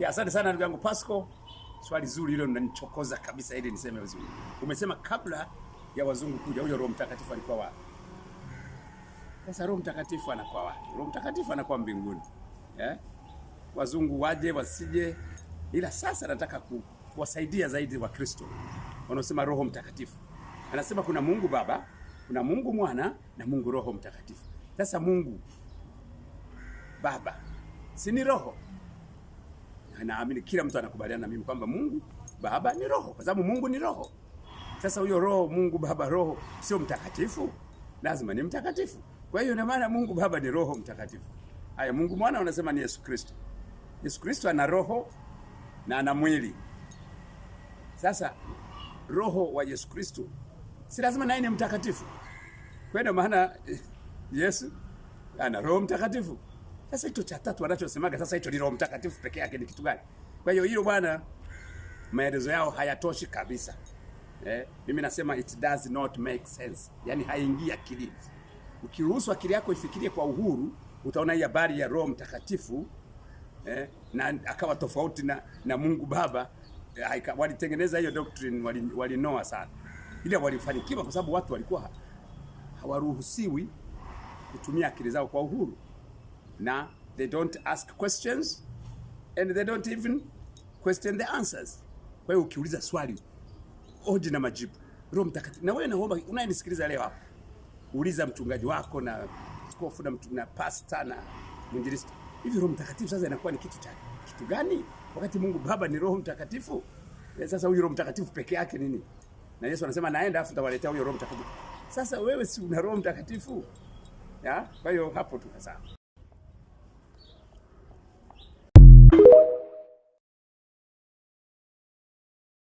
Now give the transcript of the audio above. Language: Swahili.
Ya, asante sana ndugu yangu Pasco. Swali zuri hilo linanichokoza kabisa ili niseme vizuri. Umesema kabla ya wazungu kuja huyo Roho Mtakatifu alikuwa wapi? Sasa Roho Mtakatifu anakuwa wapi? Roho Mtakatifu anakuwa mbinguni. Eh? Wazungu waje wasije, ila sasa nataka kuwasaidia zaidi Wakristo wanaosema Roho Mtakatifu. Anasema kuna Mungu Baba, kuna Mungu Mwana na Mungu Roho Mtakatifu. Sasa Mungu Baba si ni Roho naamini kila mtu anakubaliana na mimi kwamba Mungu Baba ni roho, kwa sababu Mungu ni roho. Sasa huyo roho Mungu Baba roho sio mtakatifu, lazima ni mtakatifu. Kwa hiyo ina maana Mungu Baba ni roho mtakatifu. Haya, Mungu Mwana unasema ni Yesu Kristo. Yesu Kristo ana roho na ana mwili. Sasa roho wa Yesu Kristo si lazima naye ni mtakatifu. Kwa hiyo maana eh, Yesu ana roho mtakatifu. Sasa hicho cha tatu wanachosemaga sasa hicho ni Roho Mtakatifu peke yake ni kitu gani? Kwa hiyo hilo bwana, maelezo yao hayatoshi kabisa. Eh, mimi nasema it does not make sense. Yaani haingii akilini. Ukiruhusu akili yako ifikirie kwa uhuru, utaona hii habari ya Roho Mtakatifu eh, na akawa tofauti na, na Mungu Baba eh, walitengeneza hiyo doctrine walinoa wali sana. Ile walifanikiwa kwa sababu watu walikuwa hawaruhusiwi kutumia akili zao kwa uhuru. Now, they don't ask questions and they don't even question the answers. Kwa hiyo ukiuliza swali, hoji na majibu. Roho Mtakatifu. Na wewe naomba unayenisikiliza leo hapa, uliza mchungaji wako na askofu na, na pasta na mwinjilisti, hivi Roho Mtakatifu sasa inakuwa ni kitu cha kitu gani? Wakati Mungu Baba ni Roho Mtakatifu. Eh, sasa huyu Roho Mtakatifu peke yake nini? Na Yesu anasema naenda, afu nitawaletea huyo Roho Mtakatifu. Sasa wewe si una Roho Mtakatifu ya? Kwa hiyo hapo tukasaa.